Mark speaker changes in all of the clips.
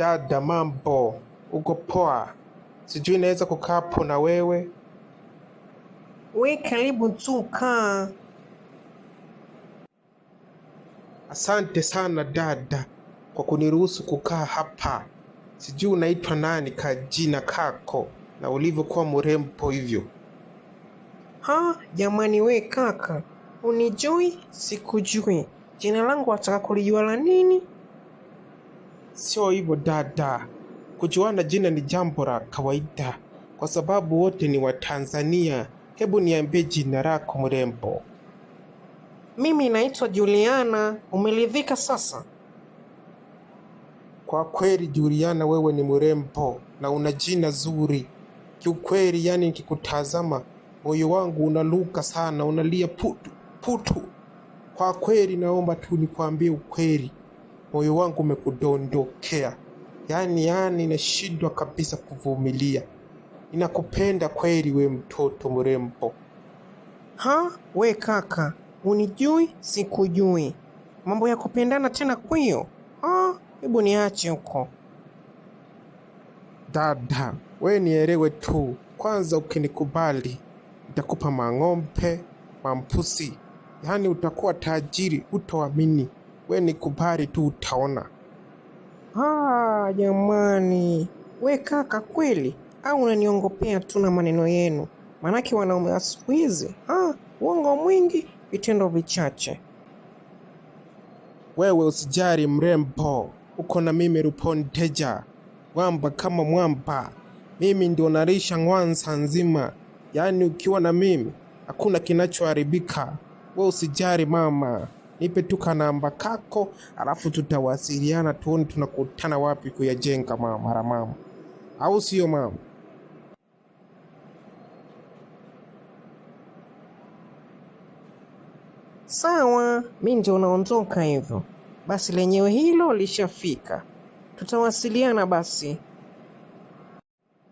Speaker 1: Dada, mambo, uko poa? Sijui naweza kukapo na wewe?
Speaker 2: We karibu tu, kaa.
Speaker 1: Asante sana dada kwa kuniruhusu kukaa hapa. Sijui unaitwa nani ka jina kako na ulivyokuwa mrembo hivyo.
Speaker 2: Ha, jamani we kaka, unijui? Sikujui. Jina langu wataka kulijua la nini?
Speaker 1: sio hivyo dada. Kujuana jina ni jambo la kawaida kwa sababu wote ni Watanzania. Hebu niambie jina lako mrembo.
Speaker 2: Mimi naitwa Juliana. Umeridhika sasa?
Speaker 1: Kwa kweli Juliana, wewe ni mrembo na una jina zuri kiukweli. Yani nikikutazama moyo wangu unaluka sana, unalia putu putu. Kwa kweli, naomba tu nikwambie ukweli moyo wangu umekudondokea, yaani yaani, nashindwa kabisa kuvumilia. Ninakupenda kweli, we mtoto mrembo.
Speaker 2: Ha, we kaka, unijui? Sikujui. Mambo ya kupendana tena kwiyo? Ha, hebu niache huko.
Speaker 1: Dada we nielewe tu kwanza, ukinikubali nitakupa mang'ombe, mampusi, yaani utakuwa tajiri, utoamini we ni kubali tu utaona.
Speaker 2: Ah, jamani, we kaka kweli au unaniongopea tu na maneno yenu? Maanake wanaume wa siku hizi uongo mwingi, vitendo vichache.
Speaker 1: Wewe usijari mrembo, uko na mimi nteja mwamba kama mwamba. Mimi ndio narisha Ng'wanza nzima, yaani ukiwa na mimi hakuna kinachoharibika. We usijari mama nipe tu kanamba kako, alafu tutawasiliana tuone tunakutana wapi kuyajenga mara mama, au sio mama?
Speaker 2: Sawa, mi ndio naondoka hivyo. Basi lenyewe hilo lishafika, tutawasiliana basi.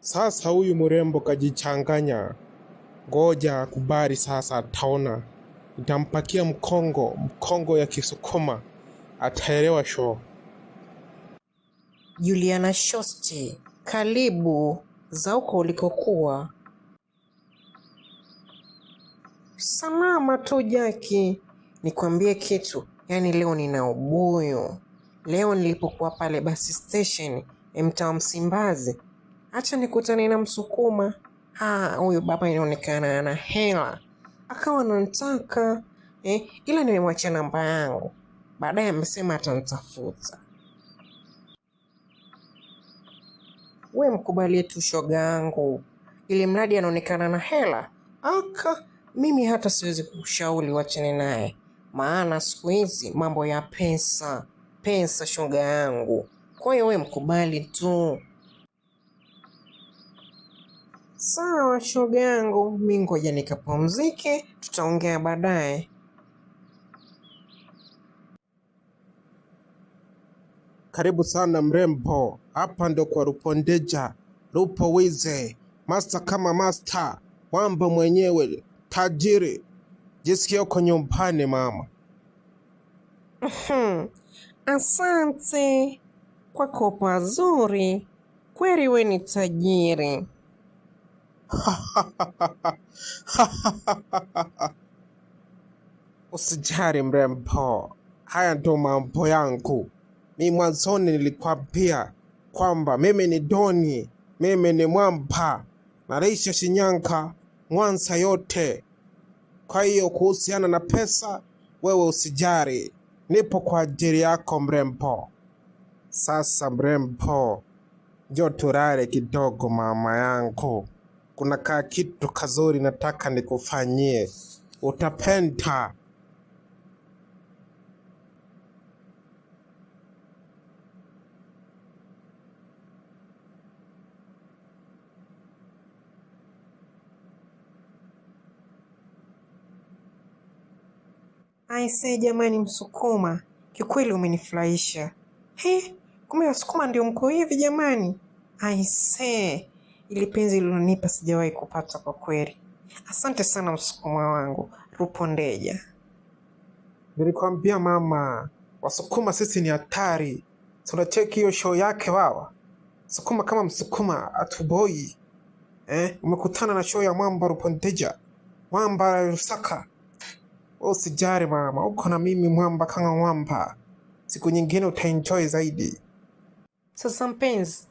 Speaker 1: Sasa huyu mrembo kajichanganya, ngoja kubari sasa, taona Utampatia mkongo mkongo ya Kisukuma, ataelewa sho
Speaker 3: Juliana Shosti, karibu za uko ulikokuwa. Salama tu Jaki, nikwambie kitu, yaani leo nina ubuyu. Leo nilipokuwa pale basi station mtaa Msimbazi, acha nikutane na Msukuma. Ah, huyu baba inaonekana ana hela akawa anantaka eh, ila nimemwachia namba yangu. Baadaye amesema atanitafuta.
Speaker 2: We mkubalie tu shoga yangu, ili mradi anaonekana na hela aka mimi hata siwezi kushauli wachane naye, maana siku hizi mambo ya pesa pesa, shoga yangu. Kwa hiyo we mkubali tu sawa shoga yangu, mi ngoja nikapumzike, tutaongea baadaye.
Speaker 1: Karibu sana mrembo, hapa ndo kwa Rupondeja Rupo Wize, master kama masta, wamba mwenyewe, tajiri. Jisikia uko nyumbani mama.
Speaker 2: Asante kwa kopa zuri, kweli we ni tajiri.
Speaker 1: Usijari mrembo, haya ndo mambo yangu. Mi mwanzoni nilikwambia kwamba mimi ni Doni, mimi ni mwamba, nareisha Shinyanga, Mwanza yote. Kwa hiyo kuhusiana na pesa, wewe usijari, nipo kwa ajili yako mrembo. Sasa mrembo, njo turare kidogo mama yangu kuna kaa kitu kazuri nataka nikufanyie, utapenda.
Speaker 2: Aise jamani, Msukuma kikweli umenifurahisha. He, kumbe Wasukuma ndio mko hivi jamani. Aisee ili penzi lilonipa sijawahi kupata kwa kweli. Asante sana msukuma wangu Rupondeja.
Speaker 1: Nilikwambia mama, wasukuma sisi ni hatari. Tunacheki hiyo show yake wawa sukuma kama msukuma atuboi eh? Umekutana na show ya mwamba Rupondeja, mwamba Rusaka. Oh, Usijari mama, uko na mimi mwamba kama mwamba. Siku nyingine utaenjoy zaidi.
Speaker 3: Sasa mpenzi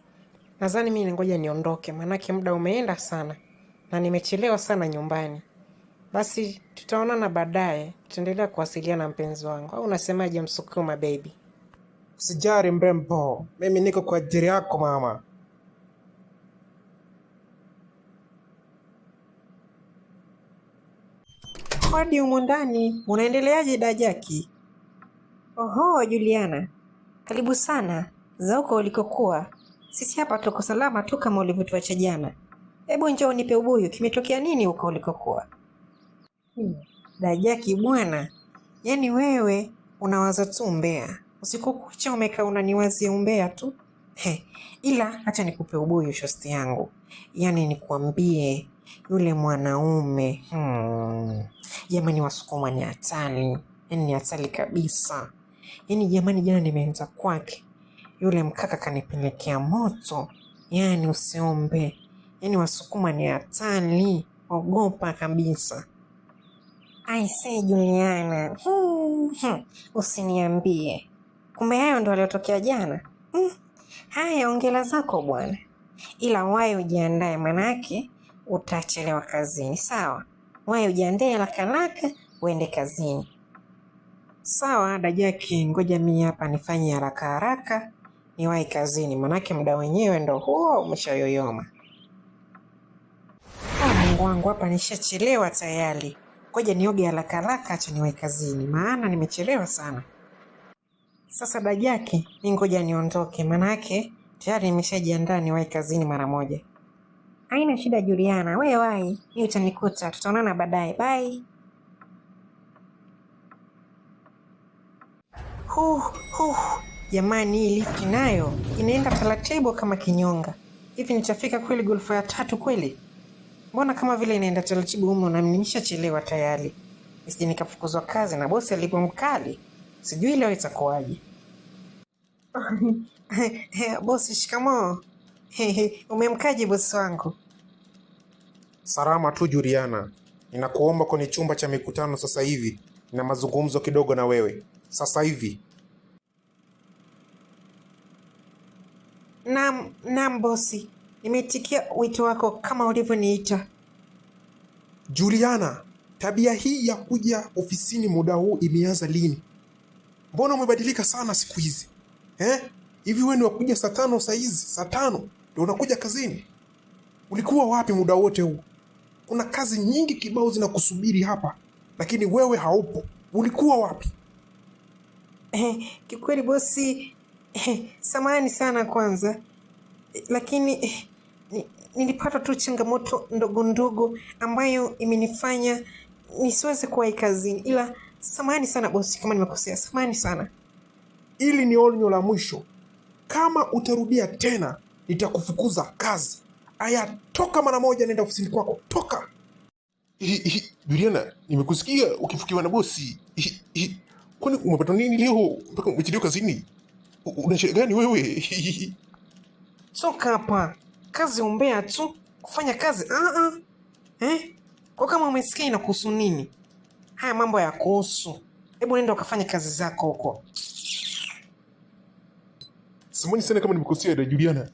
Speaker 3: Nadhani mi ngoja niondoke, maanake muda umeenda sana na nimechelewa sana nyumbani. Basi tutaonana baadaye, tutaendelea kuwasiliana mpenzi wangu, au unasemaje, Msukuma bebi
Speaker 1: Sijari mrembo, mimi niko kwa ajili yako mama.
Speaker 2: Hodi humo ndani, unaendeleaje Dajaki?
Speaker 3: Oho Juliana, karibu sana za uko ulikokuwa sisi hapa tuko salama tu kama ulivyotuacha jana. Hebu njoo nipe ubuyu, kimetokea nini huko ulikokuwa?
Speaker 2: Hmm. Dajaki bwana, yaani wewe unawaza tu umbea. Usiku kucha umekaa unaniwazia umbea tu. He, ila acha nikupe ubuyu shosti yangu, yaani nikuambie yule mwanaume hmm. Jamani, Wasukuma ni hatari, yaani ni hatari kabisa. Yaani jamani, jana nimeanza kwake yule mkaka kanipelekea moto. Yaani usiombe, yaani Wasukuma ni hatari, ogopa kabisa.
Speaker 3: Aisee Juliana, hmm, hmm. usiniambie kumbe hayo ndo aliotokea jana. Hmm, haya ongela zako bwana, ila waye ujiandae, manake utachelewa kazini. Sawa, waye ujiandae rakaraka uende kazini.
Speaker 2: Sawa dada ngoja mii hapa nifanye haraka haraka niwahi kazini, manake muda wenyewe ndo huo umeshayoyoma. Ah, Mungu wangu, hapa nishachelewa tayari. Ngoja nioge haraka haraka, acha niwahi kazini, maana nimechelewa sana. Sasa Dajaki, mi ngoja niondoke, manake tayari nimeshajiandaa niwahi kazini mara moja.
Speaker 3: Haina shida Juliana, we wai, mi utanikuta, tutaonana baadaye. Bye.
Speaker 2: Huh, huh. Jamani, hii lifti nayo inaenda taratibu kama kinyonga. Hivi nitafika kweli golfa ya tatu kweli? Mbona kama vile inaenda taratibu humo na nimeshachelewa tayari. Nisije nikafukuzwa kazi na bosi alipo mkali. Sijui leo itakuwaje.
Speaker 3: Bosi, shikamoo. Umemkaje bosi wangu?
Speaker 1: Salama tu Juliana, ninakuomba kwenye chumba cha mikutano sasa hivi. Nina mazungumzo kidogo na wewe sasa hivi.
Speaker 3: Naam, naam bosi, nimetikia wito wako kama ulivyoniita.
Speaker 4: Juliana, tabia hii ya kuja ofisini muda huu imeanza lini? Mbona umebadilika sana siku hizi eh? Hivi wewe ni wakuja saa tano saa hizi, saa tano ndio unakuja kazini? Ulikuwa wapi muda wote huu? Kuna kazi nyingi kibao zinakusubiri hapa, lakini wewe haupo. Ulikuwa wapi?
Speaker 3: Eh, kikweli bosi, samani eh, samahani sana kwanza lakini eh, nilipata tu changamoto ndogo ndogo ambayo imenifanya nisiweze kuwai kazini, ila samahani sana bosi kama nimekosea, samahani sana.
Speaker 4: Ili ni onyo la mwisho, kama utarudia tena nitakufukuza kazi. Aya, toka mara moja, nenda ofisini kwako, toka.
Speaker 5: Juliana, nimekusikia ukifukiwa na bosi. Kwani umepata nini leo mpaka umechelewa kazini? una gani wewe?
Speaker 2: Toka hapa, kazi umbea tu, kufanya kazi uh-uh. Eh? Kwa kama umesikia inakuhusu nini? Haya mambo ya kuhusu, hebu nenda ukafanya kazi zako huko.
Speaker 5: Samahani sana kama nimekosea, da Juliana,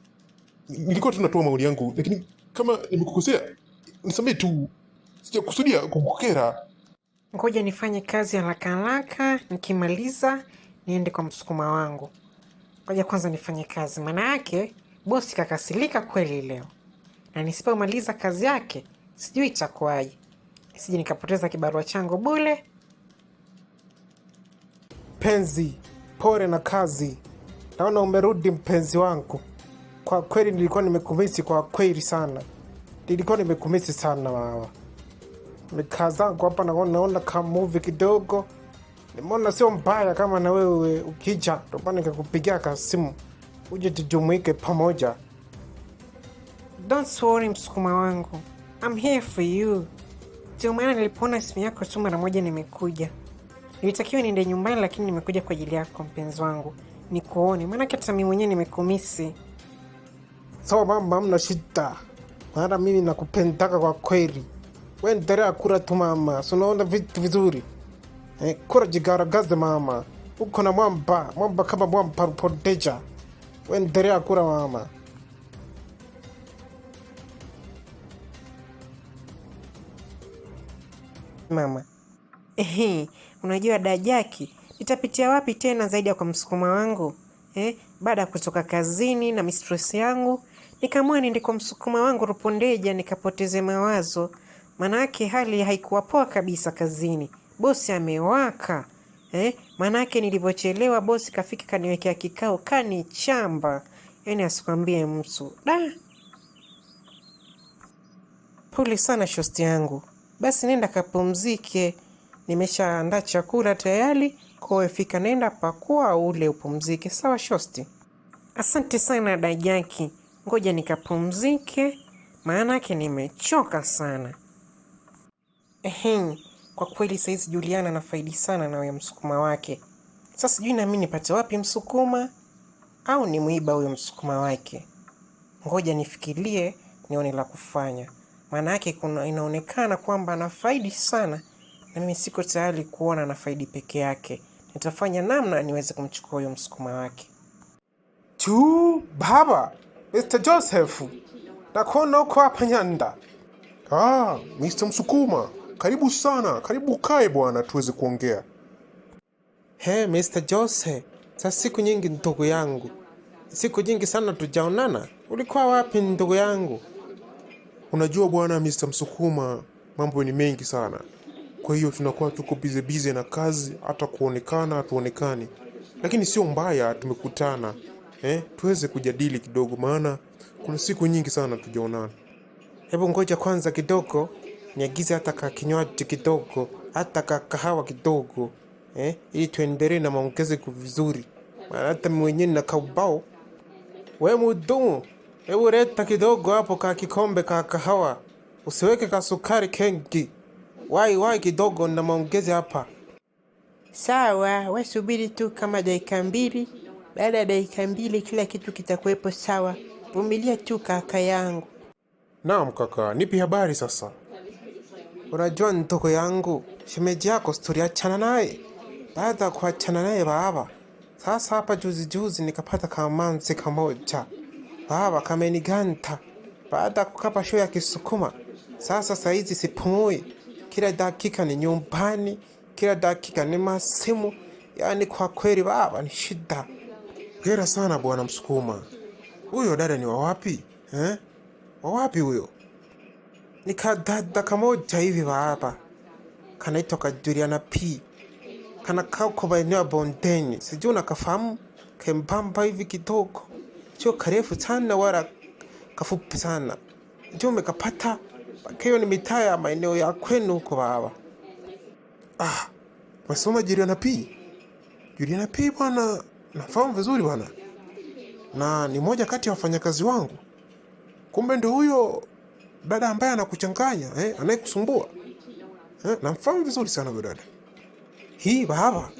Speaker 5: nilikuwa tunatoa maoni yangu, lakini kama nimekukosea nisamee tu, sijakusudia kukukera.
Speaker 2: Ngoja nifanye kazi haraka haraka, nikimaliza niende kwa msukuma wangu moja kwanza nifanye kazi, maana yake bosi kakasilika kweli leo, na nisipomaliza kazi yake sijui itakuwaje, sije nikapoteza kibarua changu bule.
Speaker 1: Penzi, pole na kazi. Naona umerudi mpenzi wangu. Kwa kweli nilikuwa nimekumisi, kwa kweli sana nilikuwa nimekumisi sana. Wawa, nikaa zangu hapa naona kama movie kidogo Mbona sio mbaya kama na wewe ukija topana nikakupigia ka simu uje tujumuike pamoja.
Speaker 2: Don't worry msukuma wangu, I'm here for you. Ndio maana nilipoona simu yako tu mara moja nimekuja. Nilitakiwa niende nyumbani, lakini nimekuja kwa ajili yako mpenzi wangu, nikuone, maanake hata mimi mwenyewe nimekumisi.
Speaker 1: So mama, mna shida, maana mimi nakupendaka kwa kweli. Wendelea kula tu mama, sunaona vitu vizuri. Eh, kura jigaragaze mama, uko na mwamba mwamba kama mwamba Rupondeja, wendelea kura mama.
Speaker 2: Mama, ehe, unajua Dajaki, nitapitia wapi tena zaidi ya kwa msukuma wangu eh? Baada ya kutoka kazini na mistress yangu, nikamua niende kwa msukuma wangu Rupondeja nikapoteze mawazo, maanake hali haikuwa poa kabisa kazini bosi amewaka eh, manake nilivyochelewa bosi kafika kaniwekea kikao kani chamba, yani asikwambie mtu da. Pole sana shosti yangu. Basi nenda kapumzike, nimeshaandaa chakula tayari. Kwa nenda pakua ule upumzike. Sawa shosti. Asante sana Dajaki, ngoja nikapumzike, maanake nimechoka sana. Ehe. Kwa kweli saizi Juliana anafaidi sana na huyo msukuma wake. Sasa sijui nami nipate wapi msukuma au ni mwiba huyo msukuma wake. Ngoja nifikirie nione la kufanya, maana yake kuna inaonekana kwamba anafaidi sana, na mimi siko tayari kuona anafaidi peke yake. Nitafanya namna niweze kumchukua huyo msukuma wake.
Speaker 1: Tu baba, Mr. Joseph, nakuona uko hapa Nyanda.
Speaker 6: Ah, Mr. Msukuma karibu sana, karibu kae bwana, tuweze kuongea.
Speaker 7: He, Mr. Jose, sa siku nyingi ndugu yangu, siku nyingi sana tujaonana. Ulikuwa wapi ndugu yangu?
Speaker 6: Unajua bwana Mr. Msukuma, mambo ni mengi sana, kwa hiyo tunakuwa tuko bize bize na kazi, hata kuonekana hatuonekani, lakini sio mbaya tumekutana eh, tuweze kujadili kidogo, maana kuna siku nyingi sana tujaonana. Hebu ngoja kwanza kidogo, niagize hata ka kinywaji kidogo, hata kakahawa kahawa kidogo eh, ili tuendelee na maongezi vizuri. Hata mwenyewe na kaubao.
Speaker 1: We mudumu, hebu leta kidogo hapo ka kikombe ka kahawa, usiweke kasukari sukari kengi. Wai wai kidogo na maongezi hapa.
Speaker 2: Sawa, we subiri tu kama dakika mbili. Baada ya dakika mbili kila kitu kitakuwepo sawa. Vumilia tu kaka yangu.
Speaker 1: Naam kaka, nipi habari sasa? Unajua ndugu yangu, shemeji yako tuliachana naye. Baada ya kuachana naye baba, sasa hapa juzi juzi nikapata kamanzi kamoja. Baba kameniganta. Baada ya kukapa show ya Kisukuma, sasa saizi sipumui. Kila dakika ni nyumbani, kila dakika ni masimu. Yaani kwa kweli baba ni shida. Hera sana bwana Msukuma. Huyo dada ni wa wapi? Eh? Wa wapi huyo? ni kadada kamoja hivi hapa kanaitwa kajuliana p kanakaa uko maeneo ya bondeni, sijui unakafahamu, kembamba hivi kidogo, sio karefu sana wala kafupi sana, juu mekapata Hiyo ni mitaa ya maeneo ya kwenu huko baba.
Speaker 6: Ah, masoma Juliana P. na P bwana, nafahamu vizuri bwana, na ni moja kati ya wafanyakazi wangu. Kumbe ndio huyo dada ambaye anakuchanganya eh, anayekusumbua eh, namfahamu vizuri sana huyo dada.
Speaker 1: Hii baba,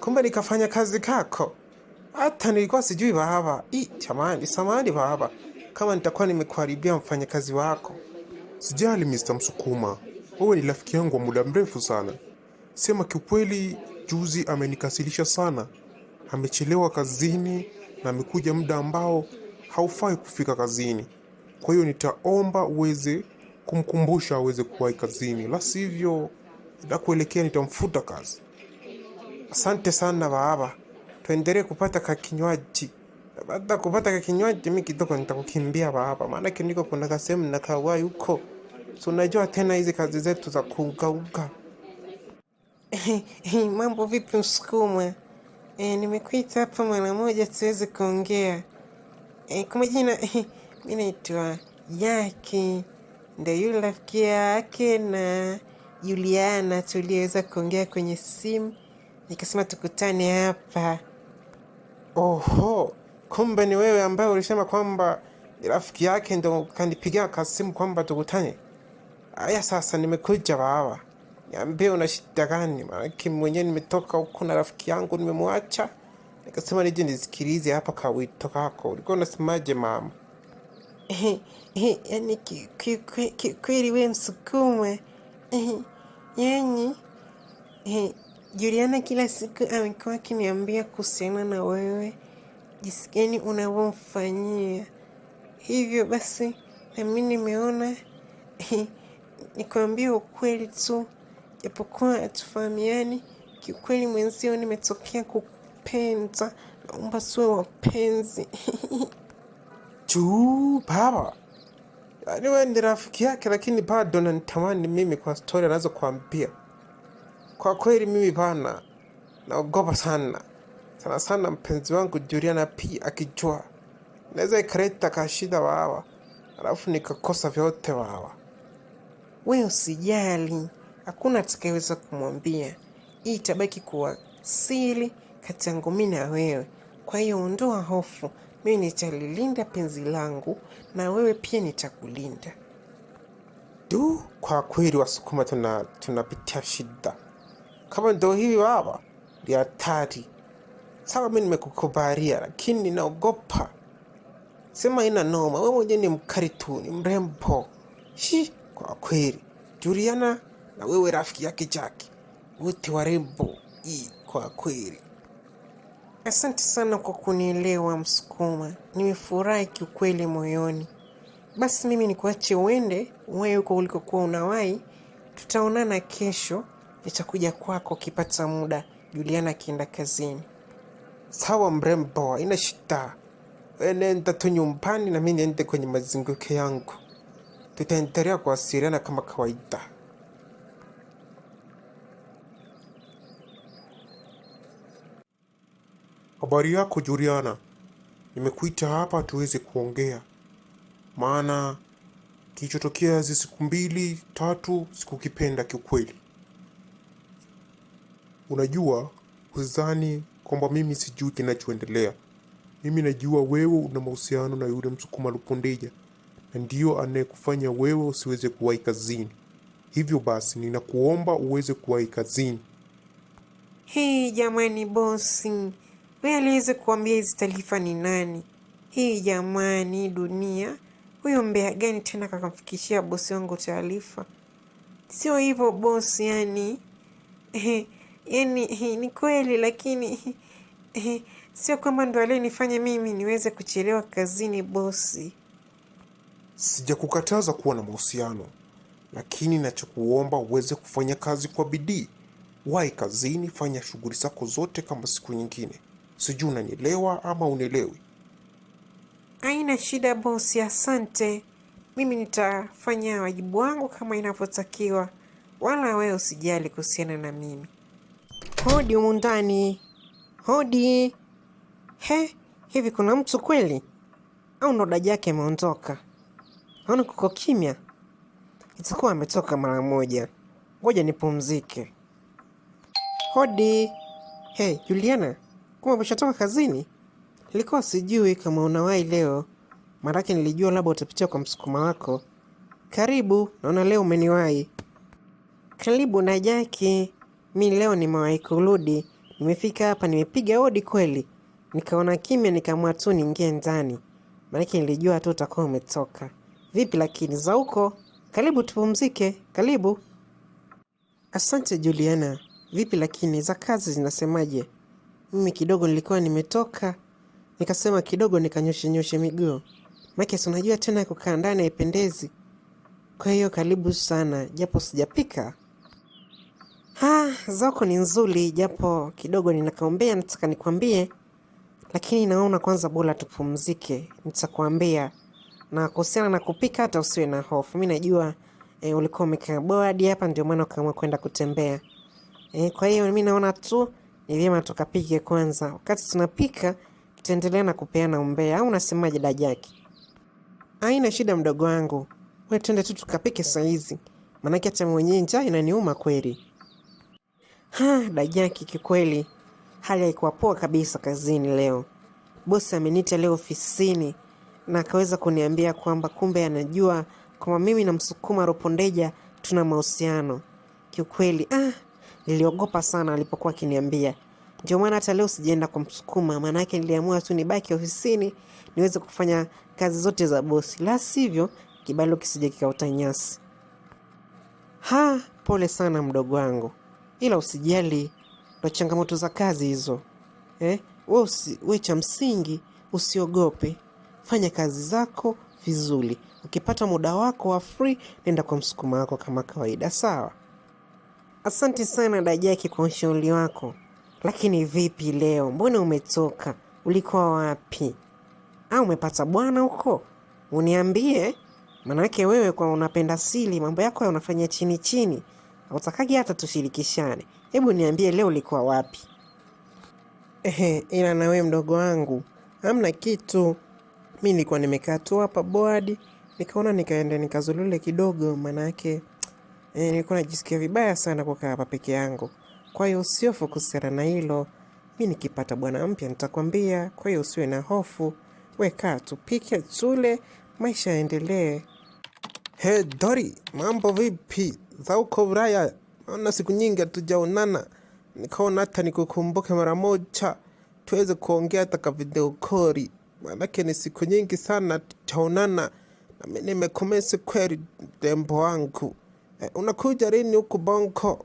Speaker 1: kumbe nikafanya kazi kako, hata nilikuwa sijui baba. Ii, chamani, samani baba kama nitakuwa nimekuharibia mfanyakazi wako.
Speaker 6: Sijali Mr. Msukuma, wewe ni rafiki yangu wa muda mrefu sana. Sema kiukweli, juzi amenikasilisha sana. Amechelewa kazini na amekuja muda ambao haufai kufika kazini. Kwa hiyo nitaomba uweze kumkumbusha aweze kuwahi kazini, la sivyo nakuelekea nitamfuta kazi.
Speaker 1: Asante sana baba, tuendelee kupata kakinywaji. Baada kupata kakinywaji, mimi kidogo nitakukimbia baba, maana niko kuna kasehemu na kawai huko, so unajua tena hizi kazi zetu za kuugauga.
Speaker 2: Mambo vipi, msukumwa? E, eh, nimekuita hapa mara moja tuweze kuongea. E, kwa majina inaitwa yake ndo yule rafiki yake na Juliana tuliweza kuongea kwenye simu, nikasema tukutane hapa.
Speaker 1: Oho, kumbe ni wewe ambaye ulisema kwamba rafiki yake ndo kanipigia kasimu kwamba tukutane. Aya, sasa nimekuja baba, niambie una shida gani? Maanake mwenyewe nimetoka huku na rafiki yangu nimemwacha, nikasema nije nisikilize hapa kawito kako. Ulikuwa unasemaje mama?
Speaker 2: yani kiukweli we msukume yani Juliana kila siku amekuwa akiniambia kuhusiana na wewe, jinsi gani unavyomfanyia hivyo. Basi nami nimeona nikuambia ukweli tu, japokuwa hatufahamiani kiukweli. Mwenzio nimetokea kukupenda, naomba tuwe wapenzi.
Speaker 1: chupapa baba yaani wewe ni rafiki yake lakini bado nanitamani mimi kwa stori anazokuambia kwa kweli mimi bana naogopa sana sana sana mpenzi wangu Juliana p akijua naweza ikaleta kashida wawa alafu nikakosa vyote wawa
Speaker 2: we usijali hakuna atakayeweza kumwambia hii itabaki kuwa siri kati yangu mi na wewe kwa hiyo ondoa hofu mi nitalilinda penzi langu na wewe pia nitakulinda.
Speaker 1: Du, kwa kweli Wasukuma tunapitia tuna shida kama ndo hivi wawa ni hatari. Sawa, mi nimekukubaria lakini ninaogopa. Sema ina noma, we mwenyewe ni mkari tu, ni mrembo shi. Kwa kweli Juliana na wewe rafiki yake jaki wote warembo. Kwa kweli
Speaker 2: Asante sana kwa kunielewa Msukuma, nimefurahi kiukweli moyoni. Basi mimi nikuache uende wewe huko ulikokuwa unawai Tutaonana kesho, nitakuja kwako ukipata muda, Juliana akienda kazini.
Speaker 1: Sawa mrembo, haina shita Wewe tu nyumbani na mi niende kwenye mazinguko yangu, tutaendelea kuwasiliana kama kawaida.
Speaker 6: Habari yako Juliana, nimekuita hapa tuweze kuongea, maana kilichotokea hizi siku mbili tatu sikukipenda kiukweli. Unajua, huzani kwamba mimi sijui kinachoendelea. Mimi najua wewe una mahusiano na yule msukuma Lupondeja, na ndiyo anayekufanya wewe usiweze kuwahi kazini. Hivyo basi, ninakuomba uweze kuwahi kazini.
Speaker 2: Hii jamani, bosi wewe aliweza kuambia hizi taarifa ni nani? Hii jamani, dunia! Huyo mbea gani tena kakamfikishia bosi wangu taarifa? Sio hivyo bosi, yani yani ni kweli, lakini sio kwamba ndo aliyenifanya mimi niweze kuchelewa kazini bosi.
Speaker 6: Sijakukataza kuwa na mahusiano, lakini nachokuomba uweze kufanya kazi kwa bidii. Wahi kazini, fanya shughuli zako zote kama siku nyingine. Sijui unanielewa ama unielewi.
Speaker 2: Haina shida bosi, asante. Mimi nitafanya wajibu wangu kama inavyotakiwa, wala wewe usijali kuhusiana na mimi.
Speaker 8: Hodi humu ndani, hodi. He, hivi kuna mtu kweli au ndo dada yake ameondoka? Naona kuko kimya, itakuwa ametoka mara moja. Ngoja nipumzike. Hodi. Hey, Juliana, kuwa umeshatoka kazini? ilikuwa sijui kama unawai leo, maanake nilijua labda utapitia kwa msukuma wako. Karibu, naona leo umeniwai Karibu na Jaki, mi leo nimewahi kurudi. Nimefika hapa, nimepiga odi kweli, nikaona kimya, nikamua tu niingie ndani, maanake nilijua tu utakuwa umetoka. Vipi lakini za huko? Karibu tupumzike, karibu. Asante Juliana. Vipi lakini za kazi zinasemaje? Mimi kidogo nilikuwa nimetoka, nikasema kidogo nikanyoshe nyoshe miguu, makes unajua tena kukaa ndani haipendezi. Kwa hiyo karibu sana, japo sijapika. Ha, zako ni nzuri, japo kidogo ninakaombea, nataka nikwambie, lakini naona kwanza bora tupumzike, nitakwambia. Na kuhusiana na kupika, hata usiwe na hofu, mi najua e, ulikuwa umekaa board hapa, ndio maana ukaamua kwenda kutembea e, kwa hiyo mi naona tu ni vyema tukapike kwanza. Wakati tunapika tutaendelea na kupeana umbea, au unasemaje Dajaki? Haina shida mdogo wangu, we twende tu tukapike saizi, maanake hata mwenyewe njaa inaniuma kweli.
Speaker 2: Ha, Dajaki, kikweli hali haikuwa poa kabisa kazini leo. Bosi ameniita leo ofisini na akaweza kuniambia kwamba kumbe anajua kwamba mimi na Msukuma Ropondeja tuna mahusiano. Kiukweli ah, Niliogopa sana alipokuwa akiniambia, ndio maana hata leo sijaenda kumsukuma, maanake niliamua tu nibaki ofisini niweze kufanya kazi zote za bosi, la sivyo kibalo kisije kikaota nyasi. Ha, pole sana mdogo wangu, ila usijali, ndo changamoto za kazi hizo eh? We, usi, we cha msingi usiogope, fanya kazi zako vizuri. Ukipata muda wako wa free, nenda kwa msukuma wako kama kawaida, sawa? Asante sana Dajaki kwa ushauri wako, lakini vipi leo? Mbona umetoka? Ulikuwa wapi? Au umepata bwana huko? Uniambie, manake wewe kwa unapenda siri, mambo yako unafanya chini chini, hautakagi hata tushirikishane. Hebu niambie leo ulikuwa wapi? Ehe, ila nawe mdogo wangu, hamna kitu. Mi nilikuwa nimekaa tu hapa bodi, nikaona nikaende nikazulule kidogo, manake e, nilikuwa najisikia vibaya sana kukaa hapa peke yangu. Kwa hiyo usiofu kuhusiana na hilo, mi nikipata bwana mpya nitakwambia. Kwa hiyo usiwe na hofu, wekaa tupike tule, maisha yaendelee.
Speaker 1: He Dori, mambo vipi? Za uko Ulaya? Naona siku nyingi hatujaonana, nikaona hata nikukumbuke mara moja, tuweze kuongea hata kwa video kori, maanake ni siku nyingi sana hatujaonana, nami nimekomesi kweli, mrembo wangu. Eh, unakuja lini huku Bonko?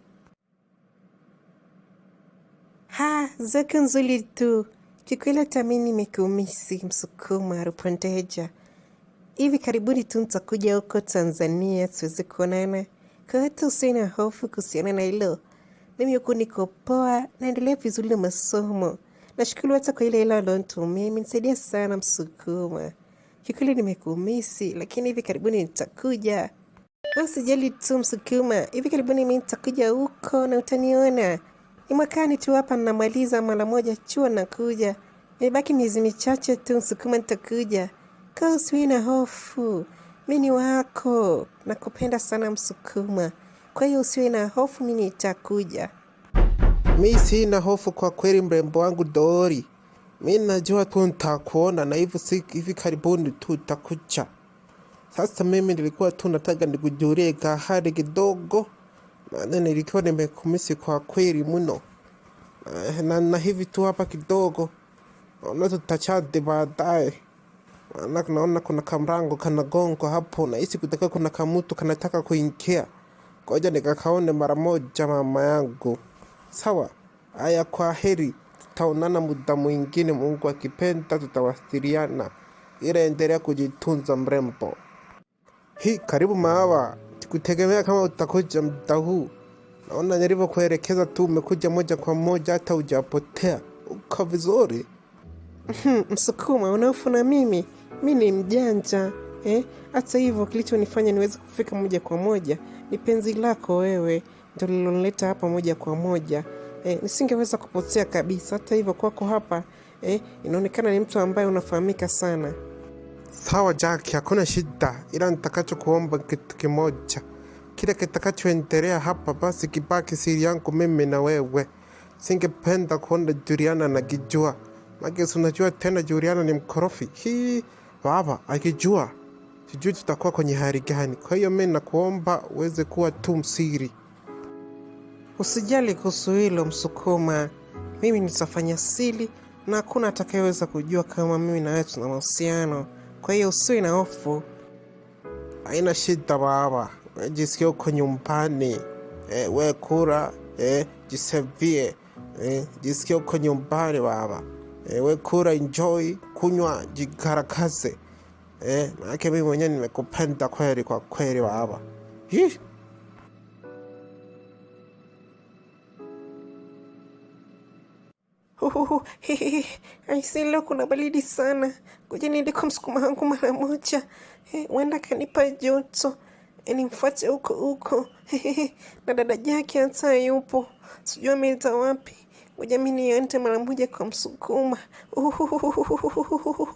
Speaker 3: Ha, zako nzuri tu. Kikweli tamini mekumisi msukuma rupondeja. Hivi karibuni tu nitakuja huko Tanzania tuweze kuonana. Kwa hata usiwe na hofu kuhusiana na hilo. Mimi huku niko poa, naendelea vizuri na masomo. Nashukuru hata kwa ile hela alonitumia, imenisaidia sana msukuma. Kikweli nimekumisi, lakini hivi karibuni nitakuja. Usijali tu Msukuma, hivi karibuni mi nitakuja huko na utaniona. Ni mwakani tu hapa namaliza mara moja chuo nakuja. Imebaki miezi michache tu Msukuma, nitakuja. Kaa usiwe na hofu, mi ni wako, nakupenda sana Msukuma, kwa hiyo usiwe na hofu, mi nitakuja.
Speaker 1: Mi sina hofu kwa kweli, mrembo wangu Dori, mi najua tu nitakuona na hivi karibuni tu nitakuja. Sasa mimi nilikuwa tu nataka nikujulie kahari kidogo, maana nilikuwa nimekumisi kwa kweli mno, eh, na, na hivi tu hapa kidogo, naona tutachati baadaye, maana naona kuna kamrango kanagongwa hapo, nahisi kutaka kuna kamutu kanataka kuingia. Ngoja nikakaone mara moja, mama yangu. Sawa, aya, kwa heri, tutaonana muda mwingine, Mungu akipenda tutawasiliana. Ila endelea kujitunza mrembo hi karibu maawa, tikutegemea kama utakuja muda huu. Naona nilivyokuelekeza tu umekuja moja kwa moja, hata ujapotea Uko vizuri?
Speaker 2: Hmm, Msukuma unaofuna mimi, mi ni mjanja eh? Hata hivyo kilichonifanya niweze kufika moja kwa moja ni penzi lako wewe, ndo lilonileta hapa moja kwa moja eh, nisingeweza kupotea kabisa. Hata hivyo kwako hapa eh, inaonekana ni mtu ambaye unafahamika sana.
Speaker 1: Sawa jaki hakuna shida, ila nitakachokuomba kitu kimoja. Kile kitakachoendelea hapa basi kibaki siri yangu mimi na wewe. Singependa kuona na anakijua. Magesi, unajua tena juriana ni mkorofi. Hii baba akijua, sijui tutakuwa kwenye hali gani. Kwa hiyo mimi nakuomba uweze kuwa tu msiri.
Speaker 2: Usijali kuhusu hilo Msukuma, mimi nitafanya sili na hakuna atakayeweza kujua kama mimi na wewe tuna mahusiano. Kwa hiyo usiwe na hofu,
Speaker 1: haina shida baba, eh, jisikie uko nyumbani eh, we kula e, jisevie eh, jisikie uko nyumbani baba eh, we kula, enjoy kunywa, jikarakaze eh, maana mimi mwenyewe nimekupenda kweli kwa kweli baba Hii.
Speaker 3: Uhuhu, hehehe. Aise, leo kuna baridi sana, ngoja niende kwa msukuma wangu mara moja, huenda kanipa joto. E, nimfuate huko huko na dada Jaki hata yupo, sijui ameenda wapi. Ngoja mimi niende mara moja kwa msukuma. Uhuhu.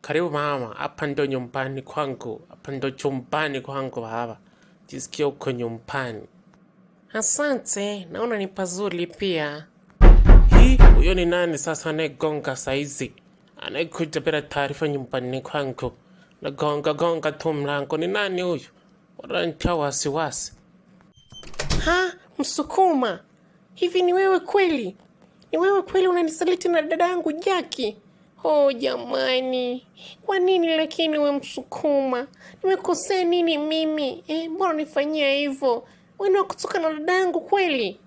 Speaker 1: Karibu mama, hapa ndo nyumbani kwangu, hapa ndo chumbani kwangu baba, jisikia uko nyumbani.
Speaker 2: Asante, naona ni pazuri pia.
Speaker 1: Huyo ni nani sasa anayegonga saizi, anayekuja bila taarifa nyumbani kwangu, na gonga tu mlango? Ni nani huyu? Wananitia wasiwasi.
Speaker 3: Ha, Msukuma, hivi ni wewe kweli? Ni wewe kweli unanisaliti na dada yangu Jaki? Oh jamani, kwa nini lakini we Msukuma, nimekosea nini mimi eh? Mbona unifanyia hivyo? Wewe ni kutoka na dada yangu kweli?